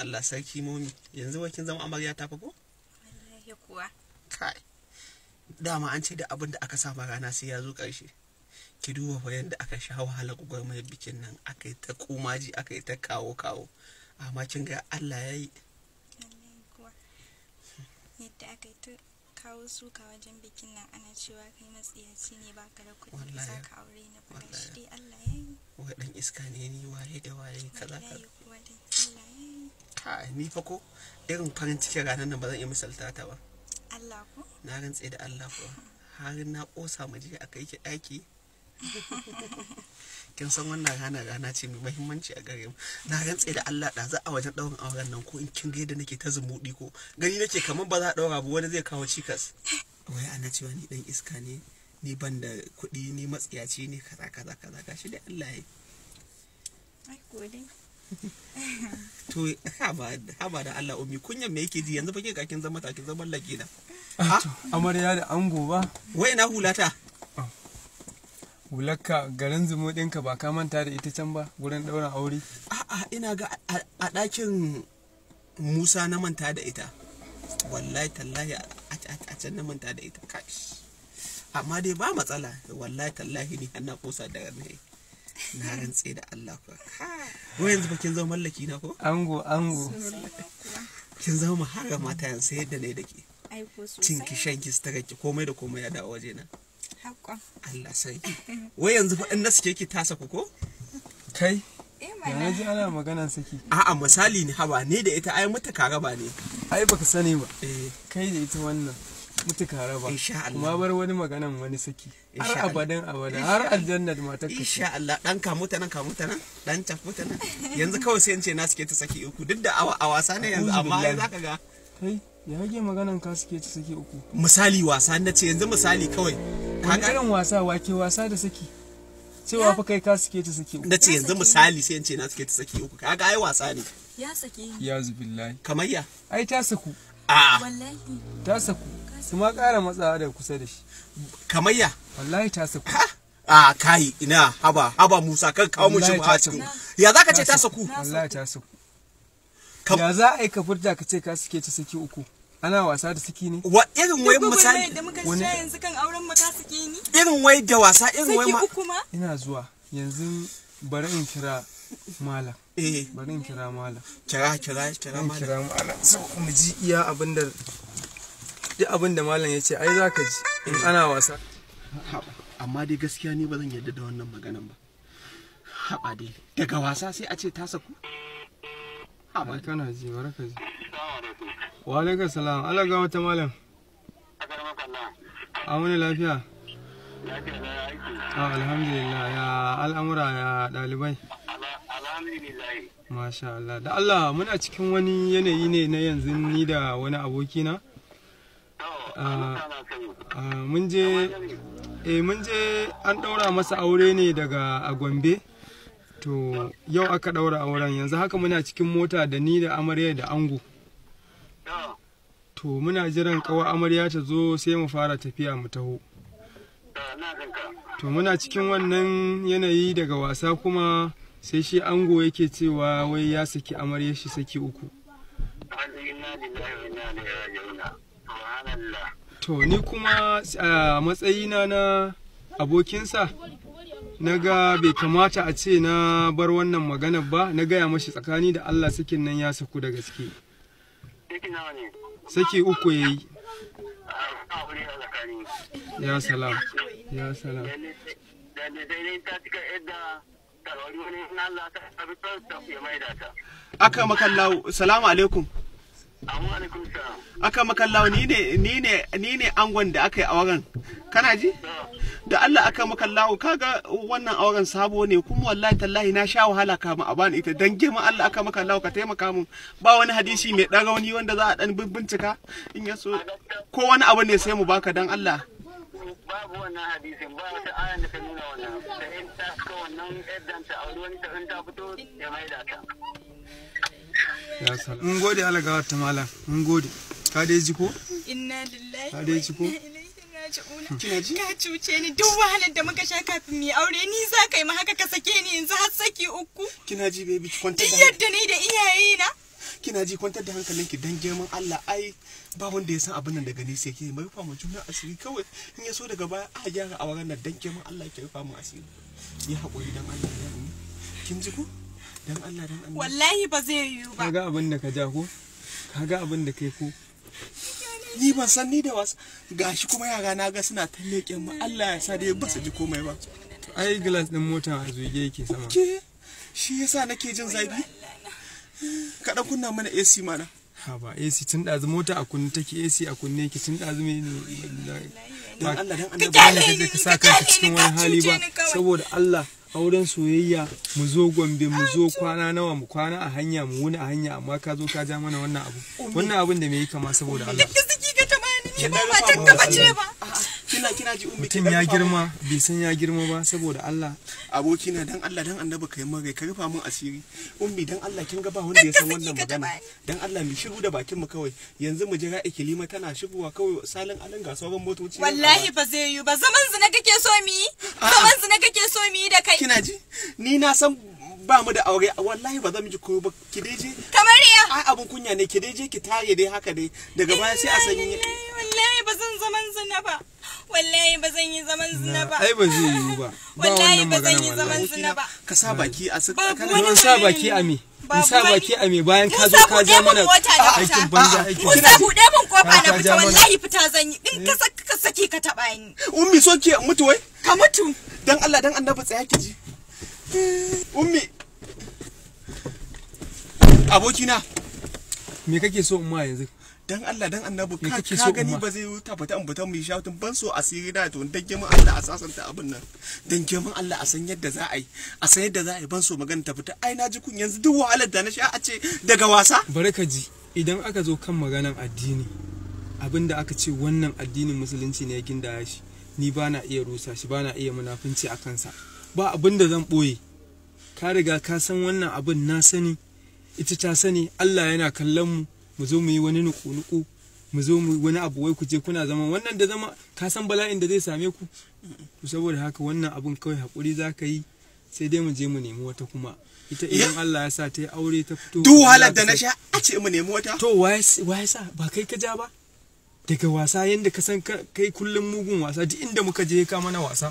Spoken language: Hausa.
Allah sarki momi yanzu wakin zama amarya ta fa ko wallahi kuwa kai dama an ce da abin da aka saba rana sai ya zo ƙarshe ki duba fa yadda aka sha wahala mai bikin nan aka yi ta kumaji aka yi ta kawo kawo amma kin ga Allah ya yi yadda aka yi ta kawo suka wajen bikin nan ana cewa kai matsiyaci ne ba ka da kuɗi ba za ka aure ni ba shi dai Allah ya yi wai dan iska ne ni waye da waye kaza kaza a ni fa ko irin farin cikin ranar nan ba zan iya misalta ta ba Allah ko na rantse da Allah ko har na kosa mu je aka yi daki kin san wannan rana rana ce mai muhimmanci a gare mu na rantse da Allah da za a wajen daurin auren nan ko in kin ga yadda nake ta zumudi ko gani nake kamar ba za a daura ba wani zai kawo cikas wai ana cewa ni dan iska ne ni ban da kuɗi ni matsiyaci ne kaza kaza kaza gashi da Allah ya yi ai to haba da Allah ummi kunyan me yake ji yanzu fa ke kakin zama takin zama laki na ah, amarya da ango ba wai na hulata ah. hulaka garin zumo ɗinka ba ka manta da ita can ba gurin ɗaurin aure a'a ina ga a ɗakin musa na manta da ita wallahi tallahi a can na manta da ita amma dai ba matsala wallahi tallahi ni har na kosa da ne na rantse da Allah ko ko yanzu ba kin zama mallaki na ko ango ango kin zama mahara mata yanzu sai yadda ne da ke cin ki shan ki stara ki komai da komai ya dawo waje na Allah sai wai yanzu fa in na suke ki tasa ku ko kai eh, na ji ana maganan saki a'a misali ne haba ne da ita ai mata karaba ne ai baka sani ba eh kai da ita wannan mutuka raba kuma bar wani maganan wani saki har abadan abadan har aljannat matar ka insha Allah dan ka muta nan ka muta nan dan ta muta nan yanzu kawai sai in ce na suke ta saki uku duk da a wasa ne yanzu amma za zaka ga kai ya rage maganan ka suke ta saki uku misali wasa na ce yanzu misali kawai wani irin wasa wake wasa da saki cewa fa kai ka suke ta saki uku na ce yanzu misali sai in ce na suke ta saki uku kaga ai wasa ne ya saki ya zubillahi Kamayya. ai ta saku a wallahi ta saku su ma ƙara matsawa daga kusa da shi kamayya wallahi ta saku a kai ina haba haba musa kan kawo mu shi ba cikin ya ka ce ta saku wallahi ta saku ya za a yi ka furta ka ce ka suke ta saki uku ana wasa da siki ne wa irin wai misali da muka yanzu kan auren mu ta saki ni irin wai da wasa irin wai ma ina zuwa yanzu bari in kira malam eh bari in kira mala kira kira kira malam kira mala sai mu ji iya abin da duk abin da malam ya ce ai za ka ji in ana wasa amma dai gaskiya ni ba zan yarda da wannan maganan ba haɓa dai daga wasa sai a ce ta saku haɓa kana ji ka ji wa alaikum salam ala ga wata malam a wani lafiya a alhamdulillah ya al'amura ya ɗalibai masha Allah da Allah muna cikin wani yanayi ne na yanzu ni da wani abokina mun je eh mun an ɗaura masa aure ne daga a gombe to yau aka ɗaura auren yanzu haka muna cikin mota da ni da amarya da ango to muna jiran kawa amarya ta zo sai mu fara tafiya mu taho to muna cikin wannan yanayi daga wasa kuma sai shi ango yake cewa wai ya saki amarya shi saki uku to ni kuma a matsayina na abokinsa na ga bai kamata a ce na bar wannan magana ba na gaya mashi tsakani da allah sakin nan ya saku da gaske saki uku ya yi ah, ya salam ya salam aka makalla salamu alaikum aka makallawa ni ne ni ne ni ne angon da aka yi auren kana ji da Allah aka makallawa kaga wannan auren sabo ne kuma wallahi tallahi na sha wahala kama a bani ita dan gima Allah aka makallawa ka taimaka mun ba wani hadisi mai dan rauni wanda za a dan bincika in ya so ko wani abu ne sai mu baka dan Allah babu wannan hadisin ba wata ayan da ta nuna wannan da in ta wannan yadda ta auri wani ta in ta fito ya maida ta mun gode Allah ga wata malam mun gode ka dai ji ko inna lillahi ka dai ji ko ka cuce ni duk wahalar da muka sha kafin mu aure ni za ka yi ma haka ka sake ni yanzu har saki uku kina ji baby ki kwanta da yadda ni da iyaye na kina ji kwantar da hankalinki dan girman Allah ai ba wanda ya san abin nan daga nesa yake mai rufa juna asiri kawai in ya so daga baya a gyara a nan dan girman Allah ke rufa mu asiri ya haƙuri dan Allah ya kin ji ko dan Allah dan Allah wallahi ba zai yiwu ba kaga abin da ka ja ko kaga abin da kai ko ni ban san ni da wasu gashi kuma yara na ga suna ta leƙen mu Allah ya sa dai ba su ji komai ba ai glass din mota a zuge yake sama ke shi yasa nake jin zafi kaɗan kunna mana AC mana ha ba AC tun ɗazu mota a kunne take AC a kunne ki tun ɗazu me ne dan Allah dan Allah ba ka sa kanka cikin wani hali ba saboda Allah auren soyayya mu zo gombe mu zo kwana nawa mu kwana a hanya mu wuni a hanya amma ka zo ka ja mana wannan abu wannan abin da me yi kama saboda Allah kina kina ji mutum ya girma bai san ya girma ba saboda Allah aboki na dan Allah dan annabi kai magai ka rufa mun asiri ummi dan Allah kin ga ba wanda ya san wannan magana dan Allah mu shiru da bakin mu kawai yanzu mu jira ikilima tana shigowa kawai salin alin ga sauran motoci wallahi ba zai yi ba zaman na kake so mi zaman zu na kake so mi yi da kai kina ji ni na san ba mu da aure wallahi ba za mu ji koyo ba ki dai je kamar ya ai abun kunya ne ki dai je ki tare dai haka dai daga baya sai a sanya wallahi ba zan zaman na ba wallahi ba zan yi zaman zina ba ai ba zai yi ba wallahi ba zan yi zaman zina ba ka sa baki a su mun sa baki a me sa baki a me bayan ka zo ka ja mana aikin banza aikin kina ku da mun kofa na fita wallahi fita zan yi in ka eh. saki ka taba ni ummi so ke mutu wai ka mutu dan Allah dan annabi tsaya ki ji ummi abokina me kake so in ma yanzu dan Allah dan annabi ka ka gani ba zai wuta fata an mu shawtun ban so asiri da to dan jama'a Allah a sasanta abin nan dan jama'a Allah a san yadda za a yi a san yadda za a yi ban so magana ta fita ai na ji kun yanzu duk wahalar da na sha a ce daga wasa bari ka ji idan aka zo kan maganan addini abinda aka ce wannan addinin musulunci ne ya gindaya shi ni ba na iya rusa shi ba na iya munafunci a kansa ba abin da zan ɓoye ka riga ka san wannan abin na sani ita ta sani Allah yana kallon mu mu zo mu yi wani nuku-nuku mu zo mu wani abu wai ku je kuna zama wannan da zama ka san bala'in da zai same ku to saboda haka wannan abun kawai hakuri za ka yi sai dai mu je mu nemi wata kuma ita idan Allah ya sa ta yi aure ta fito duk wahalar da na sha a ce mu nemi wata to waye sa ba kai ka ja ba daga wasa yanda ka san kai kullum mugun wasa duk inda muka je ka mana wasa